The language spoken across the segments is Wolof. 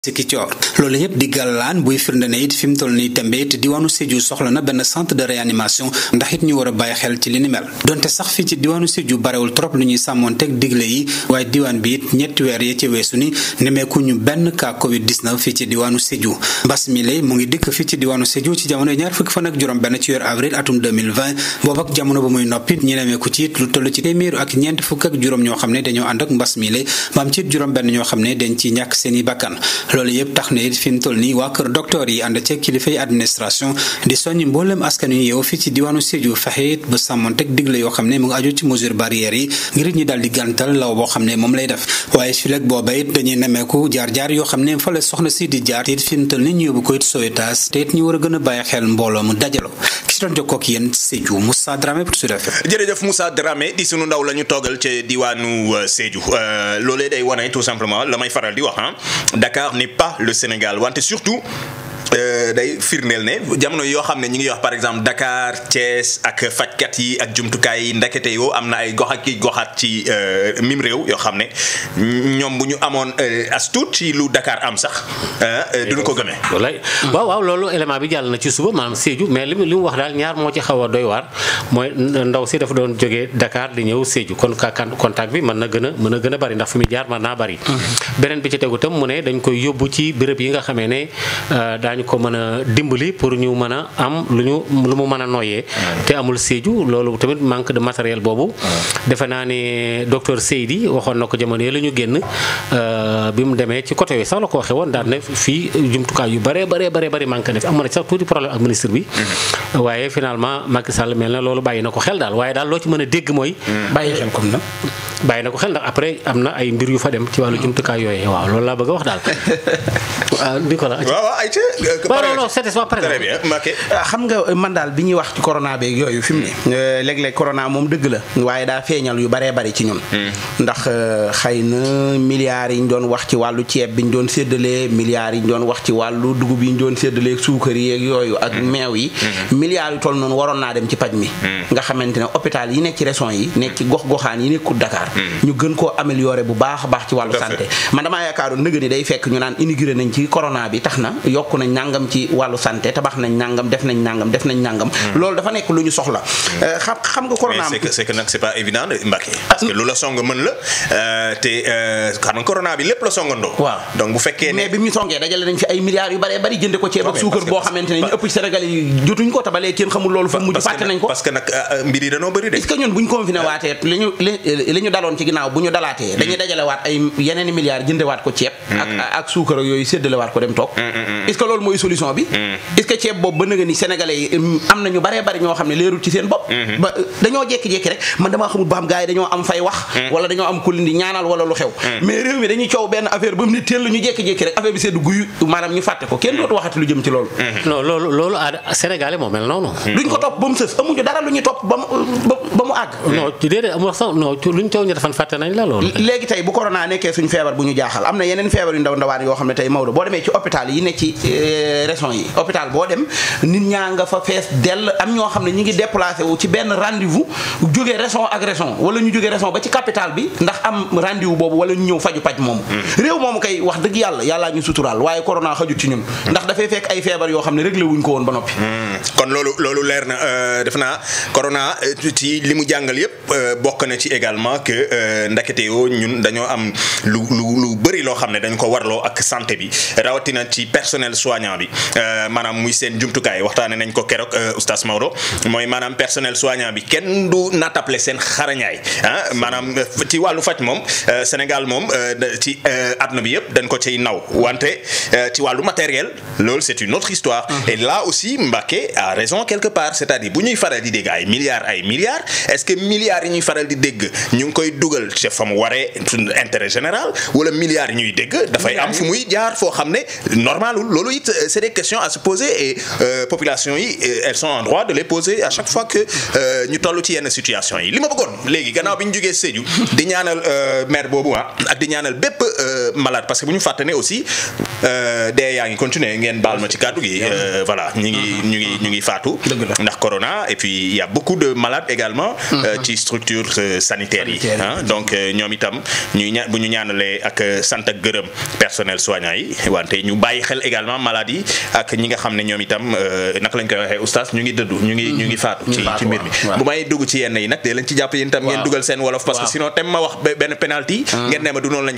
Sikicoor loolu yëpp di gàllaan buy firnde ne it fi mu toll nii tembe it diwaanu Sédhiou soxla na benn centre de réanimation ndax it ñu war a bàyyi xel ci li ni donte sax fii ci diwaanu Sédhiou barewul trop lu ñuy sàmmoonteeg digle yi waaye diwaan bi it ñetti weer yee ci weesu ni nemeeku ñu benn cas Covid 19 fii ci diwaanu Sédhiou mbas mi mu ngi dikk fii ci diwaanu Sédhiou ci jamono ñaar fukki fan ak juróom benn ci weer avril atum 2020 boobu ak jamono ba muy noppi ñu nemeeku ci it lu toll ci téeméeru ak ñeent fukk ak juróom ñoo xam ne dañoo ànd mbas mi lay am ci it benn ñoo xam ne dañ ci ñàkk seeni bakkan loolu yëpp tax na it fi mu toll nii waa kër docteur yi ànd ceeg kilifay administration di soññ mboolem askan yu yeewu fii ci diwaanu Sédhiou fexe yoo xam ne mu ngi aju ci mesure barrières yi ngir ñu daal di gàntal law boo xam ne moom lay def waaye fileeg booba it dañuy nemeeku jaar-jaar yoo xam ne fa la soxna si di jaar it fi mu toll nii ñu yóbbu ko it Sowetaas te it ñu war a gën a bàyyi xel mbooloo mu dajaloo ki si doon jokkoo ak yéen Sédhiou Moussa Dramé pour Sud FM. jërëjëf Moussa di sunu ndaw la ñu toogal ca diwaanu euh, Sédhiou euh, loolee day wane tout simplement la may faral di wax Dakar n'est pas le Sénégal wante surtout Euh, day firndeel ne jamono yoo xam ne ñu ngi wax par exemple Dakar Thiès ak fajkat yi ak jumtukaay yi ndekete yoo am na ay gox ak i goxaat ci euh, mim réew yoo xam ne ñoom bu ñu amoon euh, as tuut ci lu dakaar am sax duñu ko gëmee. wallaay waaw waaw loolu élément bi jàll na ci suba maam Sédhiou mais li mu wax daal ñaar moo ci xaw a doy waar mooy ndaw si dafa doon jógee dakaar di ñëw Sédhiou kon ka contact bi mën na gën a mën a gën a bari ndax fu muy jaar ma naa bari. beneen bi daañu ko mën a dimbali pour ñu mën a am lu ñu lu mu mën a noyyee te amul séju loolu tamit manque de matériel boobu defe naa ne docteur Seydi waxoon na ko jamono yi la ñu génn euh, bi mu demee ci côté yooyu sax la ko waxee woon daan ne fii jumtukaay yu bare bare bare bare manque na fi amoon na sax tuuti problème ak ministre bi mm-hmm. waaye finalement Macky Sall mel na loolu bàyyi na ko xel daal waaye daal loo ci mën a dégg mooy mm. bàyyi xel comme na na ko xel ndax après am na ay mbir yu fa dem ci wàllu mm. jumtukaay yooyu waaw laa bëgg a wax daal Euh, non non euh, xam nga man daal bi ñuy wax ci corona beeg yooyu fi mu ne hmm. euh, léeg-léeg corona moom dëgg la waaye daa feeñal yu baree bari ci ñun hmm. ndax xay na milliards yi ñu doon wax ci wàllu ceeb bi ñu doon seddalee milliards yi ñu doon wax ci wàllu dugub yi ñu doon séddalee suukar yi ak yooyu ak hmm. meew yi milliards yu toll noonu waroon naa dem ci paj mi nga xamante ne hôpital yi nekk ci reson yi nekk ci gox-goxaan yi nekkul Dakar ñu gën koo améliorer bu baax a baax ci wàllu santé man damaa yaakaaroon nëgë day fekk ñu naan inauguré nañ ci corona bi tax na yokku nañ nangam ci wàllu santé tabax nañ nangam def nañ nangam hmm. ñu hmm. euh, ah. la song mën la euh, te euh, xam nga corona bi lépp la songandoo. waaw donc bu fekkee ne mais bi mu songee dajale nañ fi ay milliards yu bëree bëri jënd ko ceeb ak suukar boo xamante ne ñu ko tabalee kenn xamul loolu fu mujj fàtte nañ ko parce ñu confiné ah. waatee li ñu li ñu daloon ci ginnaaw bu ñu dalaatee dañuy hmm. waat ko ceeb ak ak suukar ko dem toog est-ce que loolu mooy solution bi. Hmm. est-ce que ceeb boobu ba nga ni sénégalais yi hmm, am na ñu baree bari ñoo xam ne leerul ci seen bopp. Hmm. ba euh, dañoo jékki-jékki rek man damaa xamul ba xam gars yi dañoo am fay wax. wala dañoo am ku leen di ñaanal wala lu xew. mais réew mi dañuy coow benn affaire ba mu ne teel ñu jékki-jékki rek affaire bi seddu guy maanaam ñu fàtte ko kenn dootu waxati lu jëm ci loolu. non loolu loolu ah sénégalais moo mel noonu. duñ ko topp ba mu sës amuñu dara lu ñu topp ba mu ba mu àgg. non ci déedéet amul sax non luñ coow ñu defan fàtte nañ la loolu. léegi tey bu corona nekkee suñ feebar bu ñu jaaxal am na yeneen feebar yu ndaw ndawaan yoo xam ne tey Maodo boo demee ci hôpital yi ne ci euh, Euh, régions yi hôpital boo dem nit ñaa nga fa fees dell am ñoo xam ne ñi ngi déplacé wu ci benn rendez-vous jógee région ak région wala ñu jógee région ba ci capital bi ndax am rendez boobu wala ñu ñëw faju paj moomu hmm. réew moom kay wax dëgg yàlla yàllaa ñu suturaal waaye corona xajut ci ñun hmm. ndax dafay fekk ay feebar yoo xam ne réglé wuñ ko woon ba noppi hmm. kon loolu loolu leer na euh, def naa corona euh, ci li mu jàngal yëpp bokk na ci également que ndakete yoo ñun dañoo am lu lu loo xam ne dañ ko warloo ak soignant bi euh, maanaam muy seen jumtukaay waxtaane nañ ko keroog euh, oustaz Maodo mooy maanaam personnel soignant bi kenn du natable seen xarañaay ah euh, ci wàllu faj moom Sénégal moom ci àdduna bi yëpp dañ ko ciy naw wante euh, ci wàllu matériel loolu c'est une autre histoire. Mm-hmm. et là aussi Mbacké a raison quelque part c'est-à-dire bu ñuy faral di dégg ay milliards ay milliards est-ce que milliards yi ñuy faral di dégg ñu ngi koy dugal ca fa mu waree intérêt général wala milliards yi ñuy dégg. dafay am fu muy jaar foo xam ne normalul loolu it euh, c'est des questions à euh, population yi elles sont en de les poser à chaque fois ñu toll ci yenn situation yi li ma bëggoon léegi gannaaw bi ñu jógee Sédhiou di ñaanal maire boobu ah ak bépp. malade parce que bu ñu fàtte ne aussi euh, dee yaa ngi continuer ngeen baal ma ci kàddu yi euh, voilà ñu ngi ah, ah. ñu ngi ñu ngi faatu ndax corona et puis il y a beaucoup de malades également ah, euh, ci structures sanitaires yi donc ñoom itam ñuy ñaan bu ñu ñaanalee ak sant ak gërëm personnel soignant yi wante ñu bàyyi xel également malade yi ak ñi nga xam ne ñoom itam naka lañ koy waxee oustaz ñu ngi dëddu ñu ngi ñu ngi mm-hmm. faatu ci ci mbir mi bu may dugg ci yenn yi nag dee leen ci jàpp yéen itam ngeen dugal seen wolof parce que sinon tem ma wax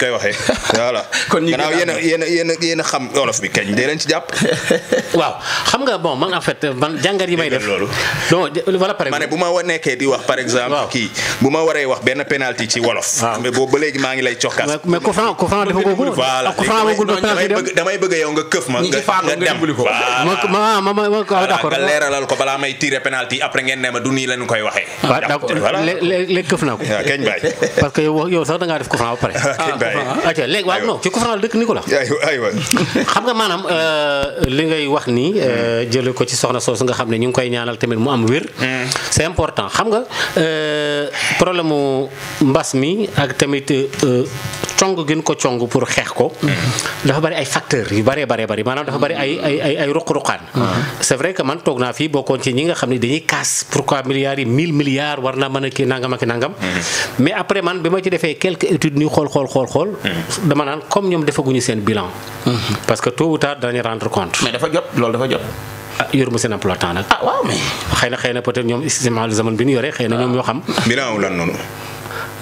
koy waxee voilà kon ñu gannaaw yéen a yéen a yéen a xam wolof bi kañ dee leen ci jàpp. waaw xam nga bon man a fait man jàngat yi may def loolu. donc ma nekkee di wax par kii bu ma waree wax benn penalty ci wolof. boobu ba léegi maa ngi lay cokkaas. mais ah, ma. nga dem balaa may tirer penalty après ngeen ne du nii lañu koy waxee. Ah, d'accord këf naa ko. Ah, parce que yow sax da def ku fan ba pare. waaw non ci Kufraal dëkk Nicolas. aywa xam nga maanaam euh, li ngay wax nii euh, jële ko ci soxna soosu nga xam ne ñu ngi koy ñaanal tamit mu am wér. Mm. c'est important xam nga euh, problème mu mbas mi ak tamit. cong gin ko cong pour xeex ko dafa bari ay facteurs yu bëree baree bëri maanaam dafa bari ay ay ay ruq-ruqaan uh-huh. c'est vrai que man toog naa fii bokkoon ci ñi nga xam ne dañuy kaas pourquoi milliards yi mille milliards war naa mën a kii nangam ak nangam uh-huh. mais après man bi ma ci defee quelques études ñu xool xool xool xool uh-huh. dama naan comme ñoom defaguñu seen bilan parce que tôt ou tard dañuy rendre compte mais dafa jot loolu dafa jot ah yor monsieur Nampula Tall nag. ah waaw mais. xëy na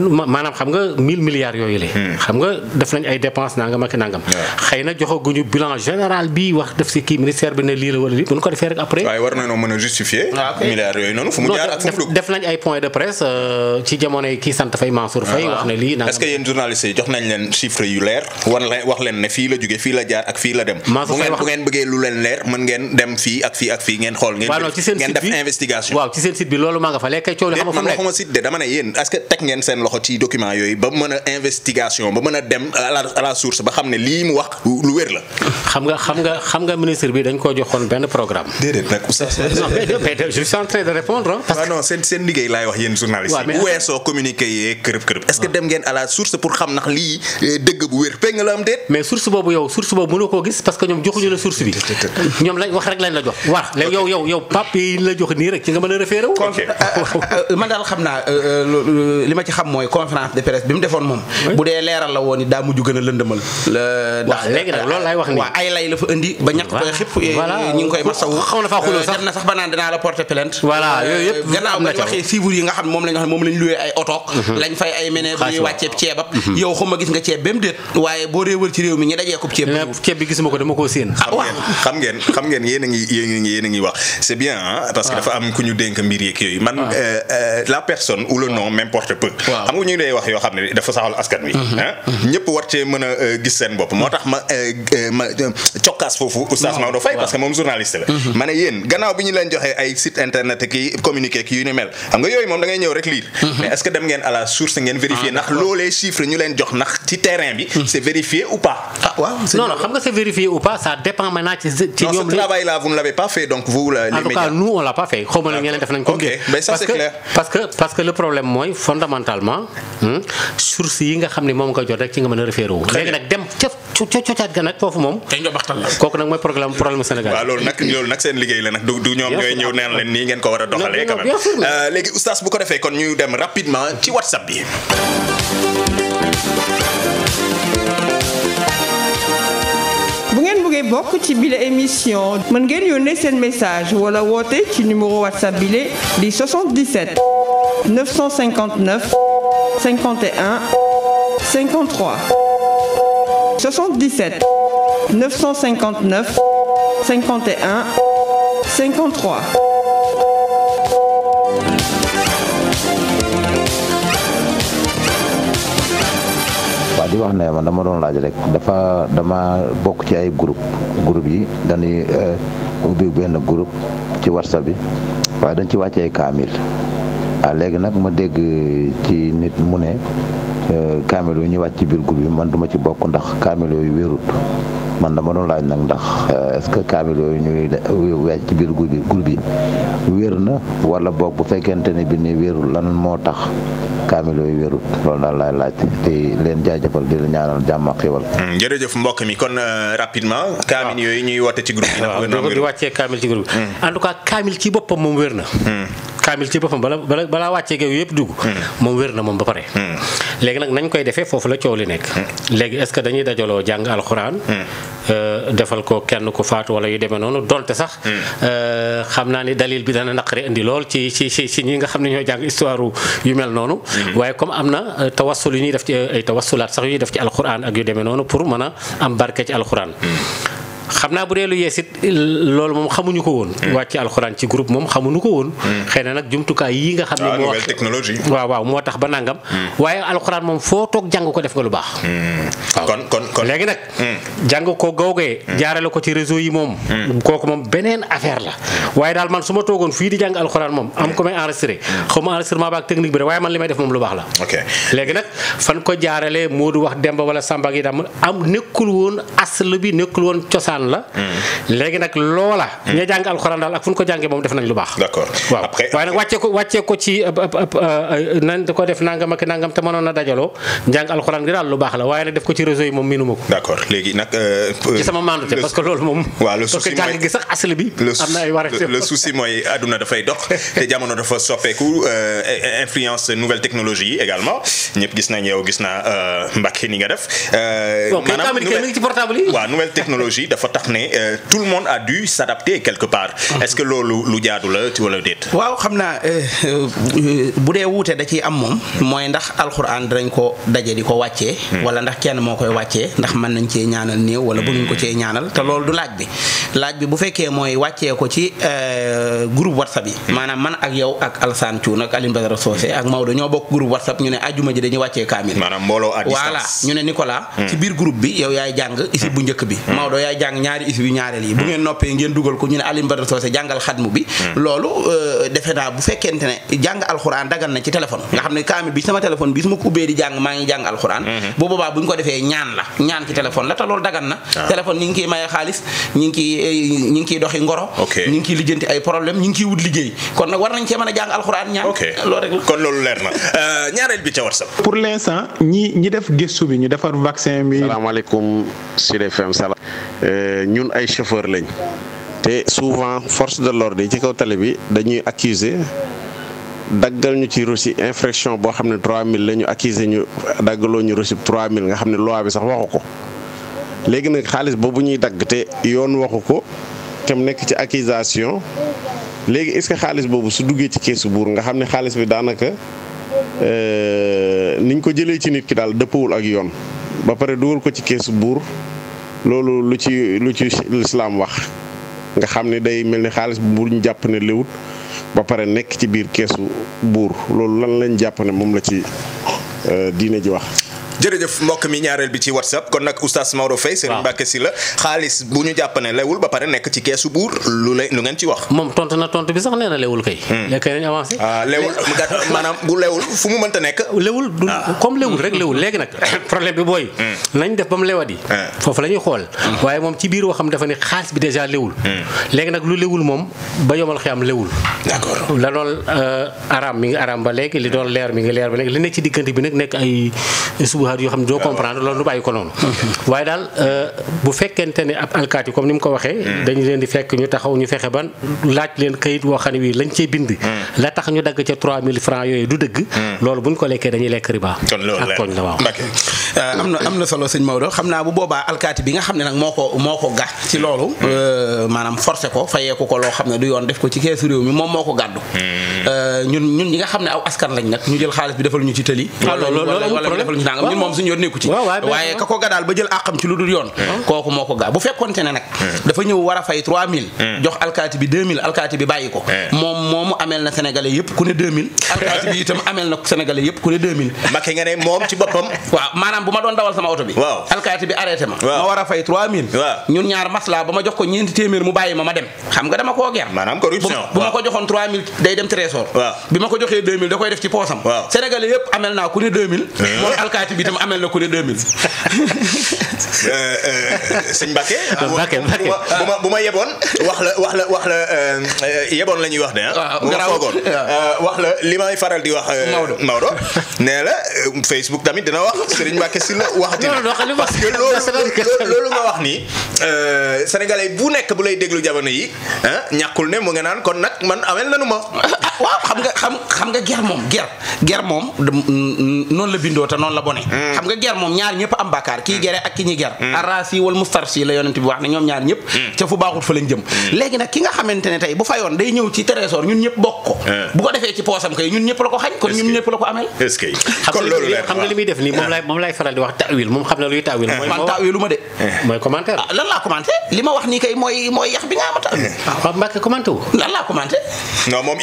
maanaam xam nga 1000 milliards yooyu le hmm. xam nga def nañ ay dépenses nangam ak nangam. xëy na joxaguñu bilan général bi wax def si kii ministère bi ne lii la wala lii bu ñu ko defee rek après. waaye war nañoo mën a justifier. Ah, milliards yooyu noonu fu mu jaar ak fu mu def nañ ay point de presse euh, ci jamonoy kii sant Faye Mansour Faye wax ne lii. est-ce que yéen journalistes yi jox nañ leen chiffres yu leer war wax leen ne fii la jógee fii la jaar ak fii la dem. Mansour Faye wax bu ngeen bëggee lu leen leer mën ngeen dem fii ak fii ak fii ngeen xool. ngeen def investigation waaw ci seen site bi loolu maa nga fa léegi kay coow li xam nga fu mu nekk seen loxo ci document yooyu ba mën a investigation ba mën a dem à la source ba xam ne lii mu wax lu wér la. xam nga xam nga ministre bi dañ koo joxoon benn programme. déedéet seen liggéey laay wax yéen journaliste yi. bu weesoo communiqué yee kërëb kërëb. est dem ngeen à la source pour xam ndax lii euh, dëgg bu wér pegg la am déet. mais source boobu yow source boobu mënoo koo gis parce que ñoom joxuñu la source bi. ñoom lañ wax rek lañ la jox. wax yow yow yow papier mooy conférence de presse bi mu defoon moom. bu dee leeral la woon it daa mujj gën a lëndëmal. ndax léegi wax nii waaw ay lay la fa indi. ba ñàkk eh, koy xëpp. Euh, euh, ñu nga xam moom moom lañ luwee ay oto. Mhm. lañ fay ay mene bu ñuy wàccee ceebab. Mhm. yow xuma gis nga ceeb ba mu déet. waaye boo réewal ci réew mi ñu dajee ko ceeb. bi gisuma ko dama koo séen. Ah, xam ngeen xam ngeen yéen ngi wax c'est bien parce que dafa am ku ñu dénk mbir yeeg yooyu man euh, la personne ou le nom m'importe xam nga ñu ngi wax yoo xam ne dafa saxal askan wi. Uh-huh. Ah, ñëpp war cee mën a euh, gis seen bopp moo tax ma euh, euh, cokkaas foofu oustaz Maodo Faye parce que moom journaliste la. Uh-huh. ma ne yéen gannaaw bi ñu leen joxee ay site internet ki communiqué ki yu ni mel xam nga yooyu moom da ñëw rek lire. Uh-huh. mais est-ce que dem ngeen à la source ngeen vérifier ah, ndax loolee chiffre ñu leen jox ndax ci terrain bi. c'est vérifié ou pas. ah waaw non xam nga c'est vérifié ou pas ça dépend ma ne directement hmm? yi nga xam ne moom nga jot rek ci nga mën a référé wu léegi nag dem ca cocaat ga nag foofu moom kooku nag mooy programme problème Sénégal waaw loolu nag loolu nag seen liggéey la nag du du ñoom ñooy ñëw neen leen nii ngeen ko war a doxalee quand même euh, léegi oustaz bu ko defee kon ñu dem rapidement ci whatsapp bi bu ngeen bëggee bokk ci bile émission mën ngeen yónnee seen message wala woote ci numéro whatsapp bile di 77 959 51 53 77 959 51 53 waaw di wax na man dama doon laaj rek dafa dama bokk ci ay groupe groupe yi dañuy euh, ubbi benn groupe ci whatsapp bi waa dañ ci wàcce ay kaamil waaw léegi nag ma dégg ci nit mu ne euh, kaamil yu ñu wàcc ci biir groupe man duma ci bokk ndax kaamil yooyu wérut man dama doon laaj nag ndax euh, est-ce que kaamil yooyu ñuy wàcc ci biir groupe bi bi wér na wala boog bu fekkente ne bi ni wérul lan moo tax kaamil yooyu wérut loolu daal laay laaj di leen jaajëfal di leen ñaanal jàmm ak mm, jërëjëf mbokk mi kon euh, rapidement. waaw yooyu ñuy woote ci groupe bi. waaw di wàccee kaamil ci mm. en tout cas kaamil ci boppam moom wér na. Mm. kaamil ci boppam bala bala balaa wàccee geew yëpp dugg. Hmm. moom wér na moom ba pare. Hmm. léegi nag nañ koy defee foofu la coow li nekk. Hmm. léegi est-ce que dañuy dajaloo jàng alxuraan. Euh, defal ko kenn ku faatu wala yu demee noonu donte sax. Euh, xam naa ni dalil bi dana naqari indi lool ci ci ci ñi nga xam ne ñoo jàng histoire yu mel noonu. waaye comme am na euh, tawassul yu ñuy def ci ay tawassulaat sax yu ñuy def ci alxuraan ak yu demee noonu pour mën a am barke ci alxuraan. xam naa bu dee lu yees it loolu moom xamuñu ko woon. Hmm. wàcc alxuraan ci groupe moom xamuñu ko woon. Hmm. xëy na nag jumtukaay yi nga xam ne. Ah, moo nouvelle technologie. waaw waaw moo tax ba nangam. Hmm. waaye alxuraan moom foo toog jàng ko def nga lu baax. kon kon kon léegi nag. jàng ko googee. jaarale ko ci réseau yi moom. kooku moom beneen affaire la. waaye daal man su ma toogoon fii di jàng alxuraan moom am ko may enregistré. xaw ba ak technique bi rek waaye man li may def moom lu baax la. ok léegi nag fan ko jaarale Modou wax Demba wala Samba gi daal am nekkul woon asl bi nekkul woon cosaan alxuraan la. Hmm. léegi nag loola. ña hmm. jàng alxuraan daal ak fu ñu ko jàngee moom def nañ lu baax. d'accord waaw waaye nag wàccee ko wàccee ko ci nan da ko def nangam ak nangam te mënoon moom miinuma ko. d'accord léegi nag. Euh, euh, sama mandute parce que loolu moom. waaw le souci mooy parce que gi sax asli bi. am na ay wareef le souci mooy àdduna dafay dox te jamono dafa soppeeku euh, influence nouvelle technologie également ñëpp gis nañ yow gis naa Mbacke ni nga def. maanaam nouvelle waaw nouvelle technologie tax ne euh, tout le monde a dû s'adapter quelque part. Mhm. est-ce que loolu lu jaadu la ci wala waaw xam naa euh, euh, bu dee wuute da ciy am moom mooy ndax alxuraan dinañ ko daje di ko wàccee. Hmm. wala ndax kenn moo koy wàccee ndax mën nañ cee ñaanal néew wala bu nuñ ko hmm. cee ñaanal te loolu du laaj bi laaj bi bu fekkee mooy wàccee ko ci groupe WhatsApp yi. Hmm. maanaam man ak yow ak Alassane Thioune ak Alioune Badara Socé ak Maodo ñoo bokk groupe WhatsApp ñu ne ajuma ji dañuy wàccee kaamil. maanaam mbooloo à distance voilà ñu ne Nicolas. ci biir groupe bi yow yaay jàng isib bu njëkk bi. jàng ñaari is bi ñaareel yi bu ngeen noppee ngeen dugal ko ñu ne Alioune Badara Socé ñi hmm. euh, ngi hmm. ah. maye xaalis ñi ngi euh, doxi ngoro ñi ngi liggéey kon war nañ cee mën a jàng alxuraan ñaan loolu rek la euh, ñaareel bi ca WhatsApp pour l'instant ñi def gëstu bi ñu defar vaccin bi salaamaaleykum Sud FM salaam Euh, ñun ay chauffeur lañ te souvent force de l'ordre yi ci kaw tali bi dañuy accuser daggal ñu ci reçu infraction boo xam ne 3000 mille lañu accuser ñu daggaloo ñu trois mille nga xam ne loi bi sax waxu ko léegi nag xaalis boobu ñuy dagg te yoon waxu ko te mu nekk ci accusation léegi est-ce xaalis boobu su duggee ci keesu buur nga xam ne xaalis bi daanaka euh, niñ ko jëlee ci nit ki daal dëppawul ak yoon ba pare dugal ko ci keesu buur. loolu lu ci lu ci lislaam wax nga xam ne day mel ni xaalis bu ñu jàpp ne léwut ba pare nekk ci biir keesu buur loolu lan lañ jàpp ne moom la ci euh, diine ji wax jërëjëf mbokk mi ñaareel bi ci whatsapp kon nag oustaz Maodo Faye Serigne Mbacké Sylla xaalis bu ñu jàpp ne lewul ba pare nekk ci keesu buur lu lay lu ngeen ci wax moom tontu na tontu bi sax nee na lewul kay hmm. kay nañu avancé ah, lewul maanaam bu lewul fu mu mënta nekk lewul du ah. comme lewul rek lewul léegi nag problème bi booy hmm. nañ def ba mu lewat yi hmm. foofu la ñuy xool waaye moom ci biir waxam dafa ne xaalis bi déjà lewul léegi nag lu lewul moom ba yomal xiyam lewul d'accord la doon euh, araam mi ngi araam ba léegi li doon leer mi ngi leer ba léegi li nekk diggante bi nag nekk éléments yoo xam ne doo comprendre loolu du bàyyi ko noonu. waaye daal euh, bu fekkente ne ab alkaati comme ni mu ko waxee. Hmm. dañu leen di fekk ñu taxaw ñu fexe ban laaj leen kayit woo wii lañ cee bind. Hmm. la tax ñu dagg ca 3000 francs yooyu du dëgg. Hmm. loolu buñ ko lekkee dañuy lekk riba. ak tooñ la waaw. Euh, am na am na solo sëñ Maodo xam naa bu boobaa alkaati bi nga xam ne nag moo ko moo ko gax ci loolu euh, maanaam forcé ko fayeeku ko loo xam ne du yoon def ko ci keesu réew mi moom moo ko gàddu hmm. euh, ñun ñun nga xam ne aw askan lañ nag ñu ñu ci tëli wala ñu nangam ñun moom suñu yoon nekku ci waaye ka ko gadaal ba jël àqam ci lu dul yoon hmm. kooku moo ko gaa bu fekkonte ne nag hmm. dafa ñëw war a fay 3000 jox alkaati bi 2000 alkaati bi bàyyi ko moom moomu ameel na sénégalais yëpp ku ne 2000 alkaati bi itam ameel na sénégalais yëpp ku ne 2000 Macky nga ne moom ci boppam waaw maanaam bu ma doon dawal sama oto bi alkaati bi arrêté ma ma war a fay 3000 waaw ñun ñaar masla ba ma jox ko ñeenti téeméer mu bàyyi ma ma dem xam nga dama koo ger maanaam corruption bu ma ko joxoon 3000 day dem trésor bi ma ko joxee 2000 da koy def ci poosam sénégalais yëpp ameel naa ku ne 2000 eh. moom alkaati waaw garaaw euh, wax la li may faral di wax. Euh, Maodo Maodo la euh, Facebook tamit dina wax Serigne Mbacké Sylla waxati na parce que loolu loolu nga wax nii sénégalais bu nekk bu lay déglu jamono yi ñàkkul ne mu nga naan kon nag man amel nanu ma. waaw xam nga xam xam nga ger moom ger ger moom mm, mm, noonu la bindoo te noon la bone mm. xam nga ger moom ñaar ñëpp am bàkkaar kii gere ak ki ñi ger arraasi wal mustarsi la yonent bi wax ne ñoom ñaar ñëpp ca fu baaxul fa lañ jëm léegi nag ki nga xamante ne tey bu fayoon day ñëw ñun ñëpp bokk ko eh. bu ko defee ci kay ñun ñëpp la nga eh. eh. ma de mooy ah, ma wax nii kay mooy yax bi nga ama tawil waaw Mbacke commenté moom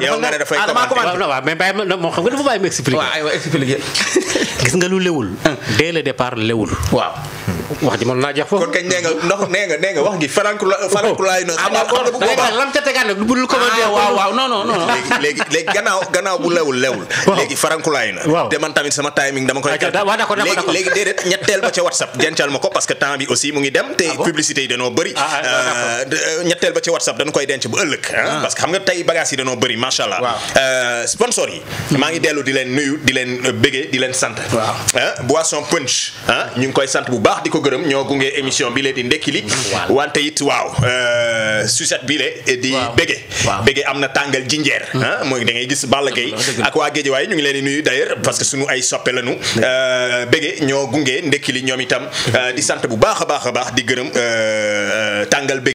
a xam nga dafa bàyyi ma expliquer waaw gis nga lu lewul ah. dès le départ lewul wax ji mën naa jeex foofu. kon kañ nee nga ndox nee nga nee nga wax gi farankulaay oh. na. ah d'accord da ngay lam ca tegaan bu dul commentaire. ah waaw waaw non léegi léegi gannaaw gannaaw bu lewul lewul. léegi farankulaay na. te man tamit sama timing dama koy. ah, ah, ah euh, euh, waaw ko denc ba ëllëg. Ah. parce que xam nga tey bagages yi danoo bëri macha allah. Euh, sponsor yi. Hmm. maa ngi dellu di leen nuyu di leen bëggee di leen sant. waaw boisson punch ñu ngi koy sant bu baax di ko ko gërëm ñoo gunge émission bi lee di ndekki li wante it waaw euh, suset bi lee di bége bége am na tàngal jinjeer hmm. ah mooy da ngay gis Balla Gaye ak waa Géejawaay ñu ngi leen di nuyu d'ailleurs parce que suñu ay soppe lañu euh, bége ñoo gunge ndekki li ñoom itam euh, di sant bu baax a baax a baax di gërëm tàngal bége